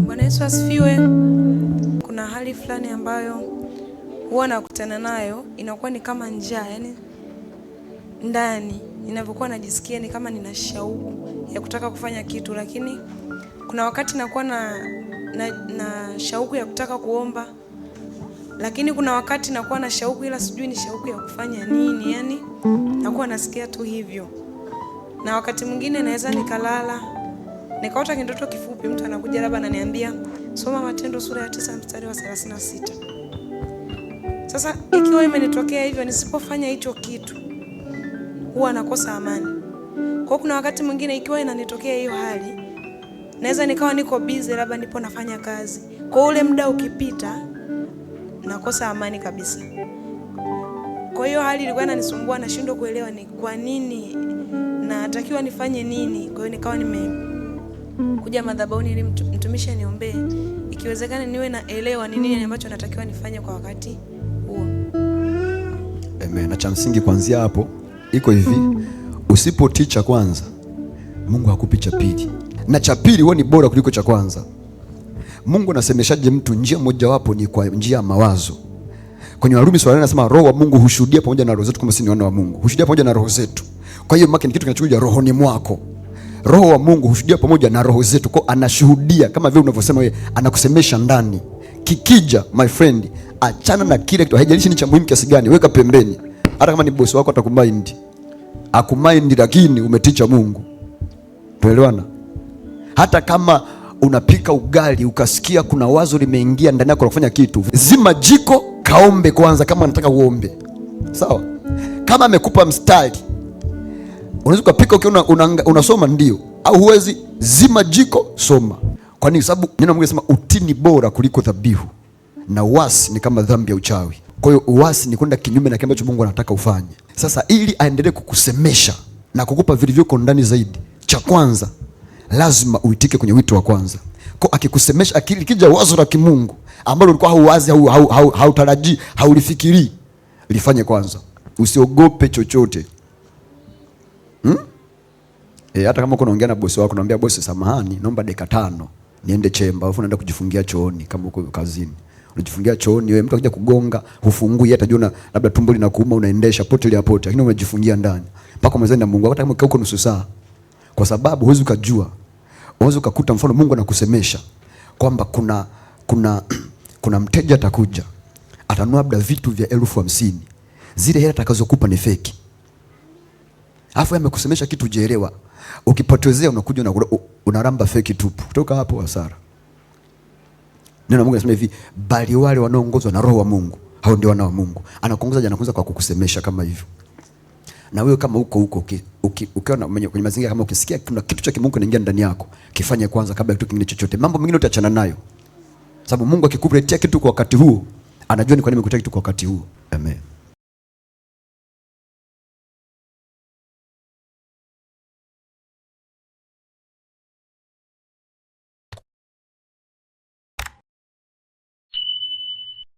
Bwana Yesu asifiwe. Kuna hali fulani ambayo huwa nakutana nayo, inakuwa ni kama njaa, yani ndani ninavyokuwa najisikia ni kama nina shauku ya kutaka kufanya kitu, lakini kuna wakati nakuwa na, na, na shauku ya kutaka kuomba, lakini kuna wakati nakuwa na shauku ila sijui ni shauku ya kufanya nini, yani nakuwa nasikia tu hivyo, na wakati mwingine naweza nikalala nikaota kindoto kifupi, mtu anakuja labda ananiambia soma Matendo sura ya tisa mstari wa 36. Sasa ikiwa imenitokea hivyo, nisipofanya hicho kitu huwa nakosa amani. Kwa kuna wakati mwingine ikiwa inanitokea hiyo hali, naweza nikawa niko busy, labda nipo nafanya kazi, kwa ule muda ukipita nakosa amani kabisa. Kwa hiyo hali ilikuwa inanisumbua, nashindwa kuelewa ni kwa nini natakiwa nifanye nini. Kwa hiyo nikawa nime kuja madhabauni ili mtumishi aniombee, ikiwezekana niwe naelewa ni nini ambacho natakiwa nifanye kwa wakati huo. Amen. Na cha msingi kuanzia hapo iko hivi, usipotii cha kwanza Mungu hakupi cha pili, na cha pili huwa ni bora kuliko cha kwanza. Mungu anasemeshaje mtu? Njia mojawapo ni kwa njia ya mawazo. Kwenye Warumi sura nasema roho wa Mungu hushuhudia pamoja na roho zetu kama sisi ni wana wa Mungu, hushuhudia pamoja na roho zetu. Kwa hiyo make ni kitu kinachokuja rohoni mwako. Roho wa Mungu hushuhudia pamoja na roho zetu, kwa anashuhudia kama vile unavyosema wewe, anakusemesha ndani. Kikija my friend, achana na kile kitu, haijalishi ni cha muhimu kiasi gani, weka pembeni. Hata kama ni bosi wako atakumind, akumind, lakini umeticha Mungu. Tuelewana? Hata kama unapika ugali ukasikia kuna wazo limeingia ndani yako la kufanya kitu, zima jiko, kaombe kwanza, kama anataka uombe. Sawa? Kama amekupa mstari Unaweza ukapika ukiona unasoma, ndio au huwezi, zima jiko, soma. Kwa nini? Sababu neno la Mungu linasema utii ni bora kuliko dhabihu, na uasi ni kama dhambi ya uchawi. Kwa hiyo uasi ni kwenda kinyume na kile ambacho Mungu anataka ufanye. Sasa ili aendelee kukusemesha na kukupa vilivyoko ndani zaidi, cha kwanza lazima uitike kwenye wito wa kwanza. Kwa akikusemesha, akili kija wazo la kimungu ambalo ulikuwa hauwazi, hautarajii, hau, hau, haulifikirii, lifanye kwanza, usiogope chochote hmm? E, hata kama uko naongea na bosi wako naambia bosi, samahani, naomba dakika tano niende chemba, alafu naenda kujifungia chooni. Kama uko kazini unajifungia chooni, wewe mtu akija kugonga hufungui, hata jua labda tumbo linakuuma, unaendesha pote ile pote, lakini unajifungia ndani mpaka umezani na Mungu, hata kama uko nusu saa, kwa sababu huwezi kujua, unaweza kukuta mfano Mungu anakusemesha kwamba kuna kuna kuna mteja atakuja atanua labda vitu vya elfu hamsini zile hela atakazokupa ni feki Alafu amekusemesha kitu jeelewa. Ukipotezea unakuja unaramba feki tupu. Kutoka hapo hasara. Neno la Mungu linasema hivi, bali wale wanaoongozwa na Roho wa Mungu, hao ndio wana wa Mungu. Anakuongoza je, anakuongoza kwa kukusemesha kama hivyo. Na wewe kama huko huko ukiwa na mwenye kwenye mazingira kama ukisikia kuna kitu cha kimungu kinaingia ndani yako, kifanye kwanza kabla ya kitu kingine chochote. Mambo mengine utaachana nayo. Sababu Mungu akikuletea kitu kwa wakati huo, anajua ni kwa nini amekuletea kitu kwa wakati huo. Amen.